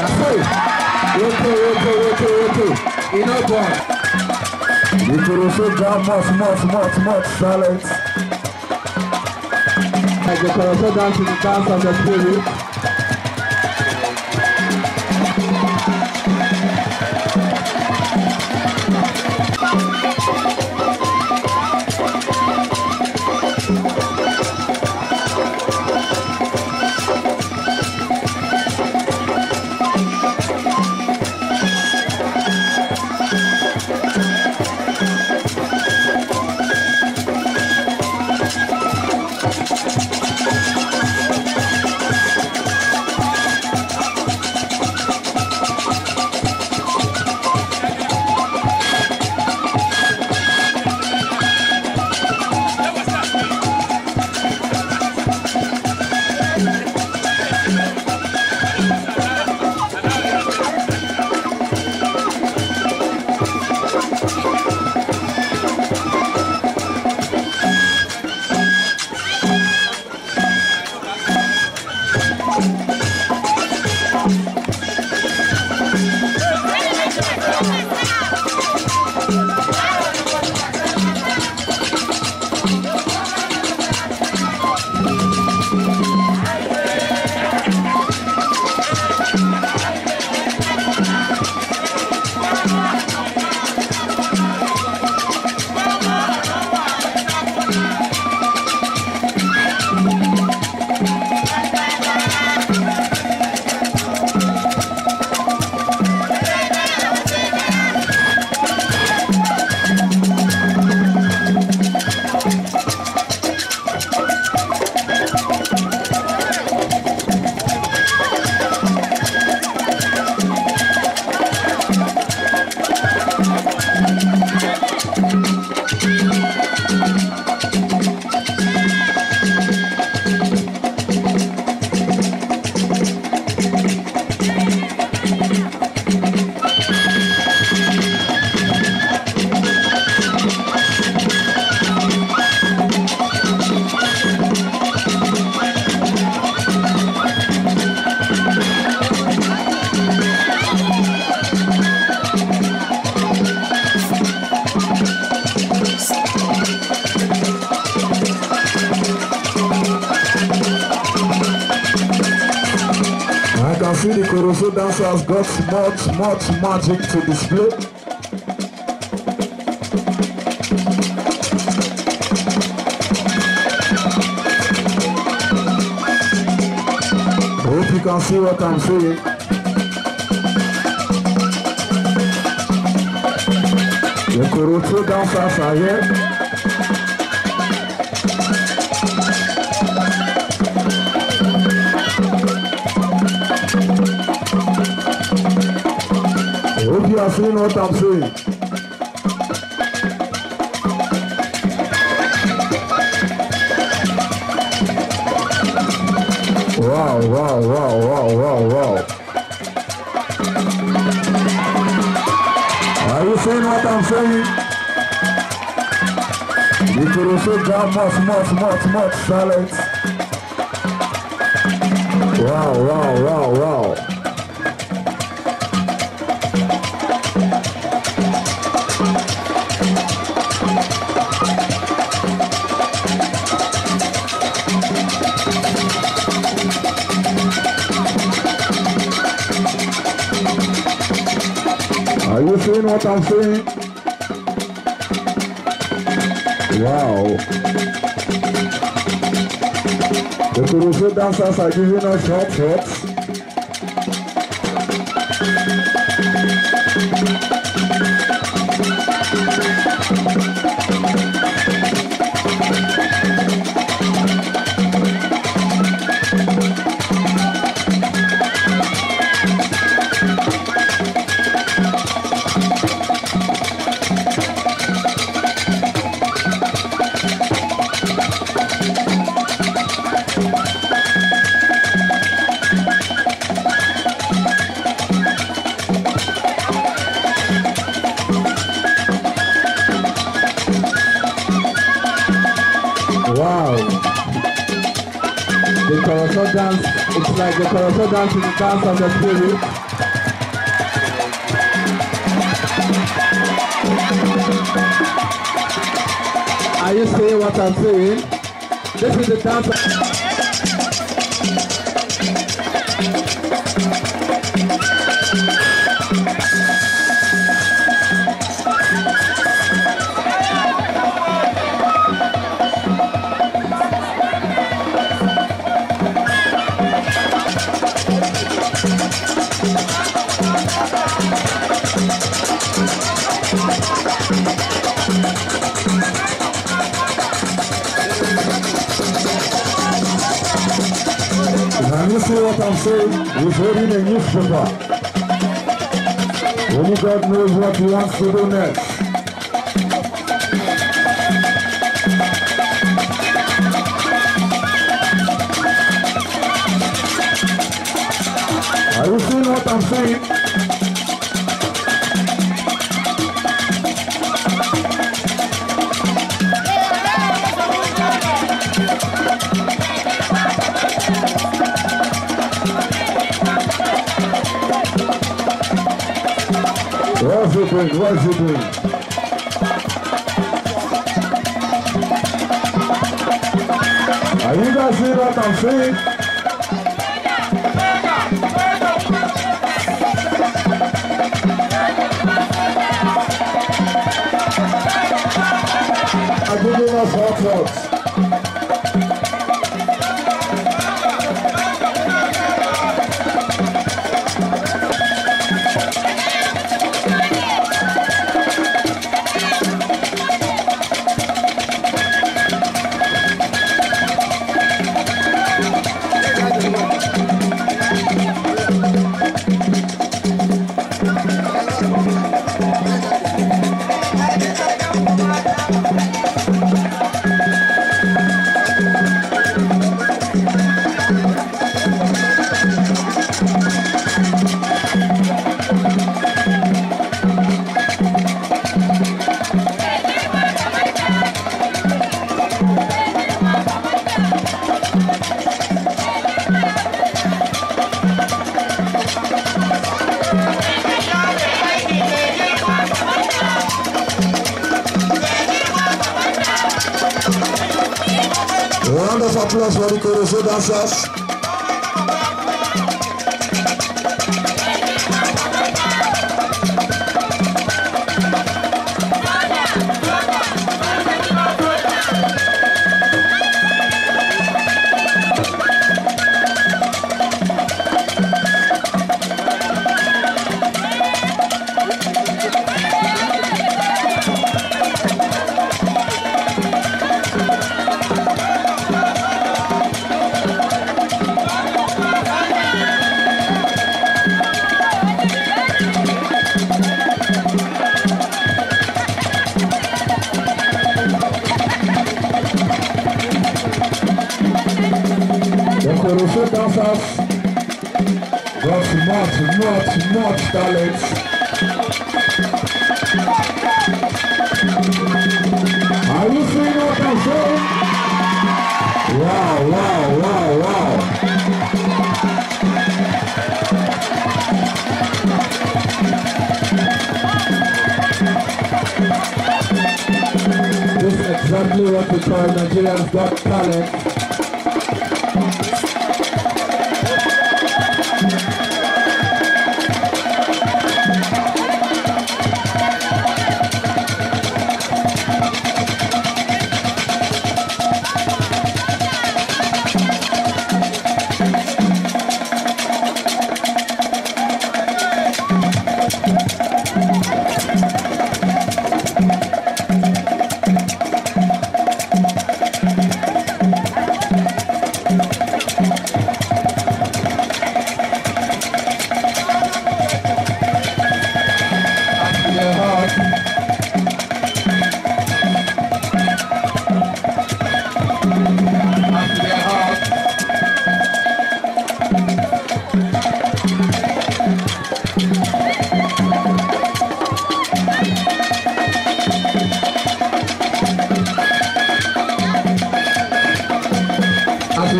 na so roto roto roto roto e no burn. ìkòròsó ga mọ́t mọ́t mọ́t mọ́t silence. ìkòròsó dance to the dance of the spirit. see the Koroso dancers got much, much magic to display. Hope you can see what I'm saying. The Koroso dancers are here. Hope you are feeling what I'm saying. Wow, wow, wow, wow, wow, wow. Are you feeling what I'm saying? You could also grab much, much, much, much silence. Wow, wow, wow, wow. What I'm saying? Wow. The Kurusu dancers are giving us hot shots. The Koroso dance, it's like the Koroso dance is the dance of the spirit. Are you seeing what I'm saying? This is the dance Can you see what I'm saying? We're holding a new newspaper. Only God knows what he wants to do next. Are you seeing what I'm saying? he doing? What is he doing? Are you guys seeing what I'm saying? I'm giving us hot dogs. Round of applause for the Corozo dancers. Bless us. Got some more, some more, Are you seeing what i Wow, wow, wow, wow. This is exactly what we call Nigerians got talent.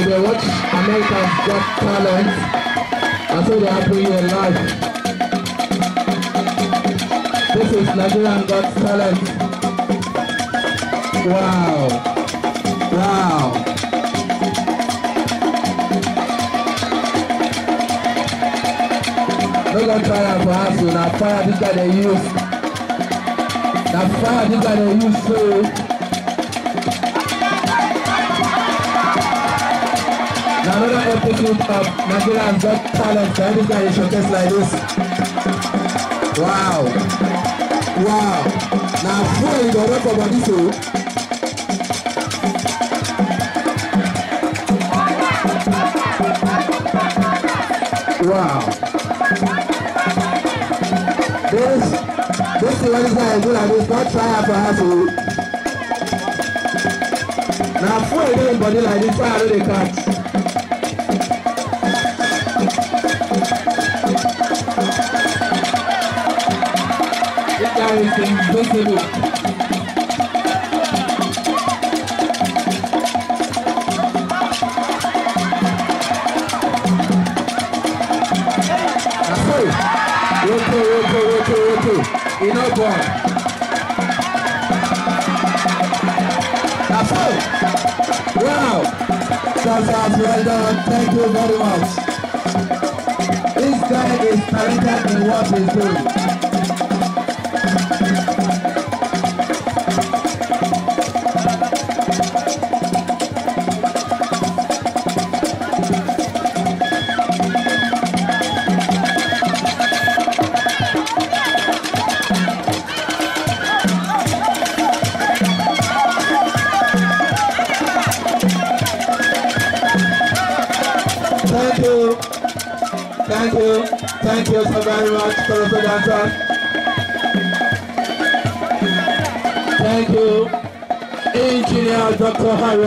if you watch America's Got Talent, I saw they are doing it live. This is Nigerian Got Talent. Wow. Wow. No go try am for house o, na fire this guy dey use. Na fire this guy dey use so. Now another epic episode of Nigeria's Got Talent. Can you guys showcase like this? Wow. Wow. Now four you don't know about this one. Wow. This this is what is gonna do like this, not try for us to Now four you don't body like this, why I know they catch. Garrison Bosolo. Roto, roto, roto, roto. Enough one. That's it. Wow. That's us well done. Thank you very much. This guy is talented in what he's doing. Thank you so very much, Professor Dancer. Thank you, Engineer Dr. Harry.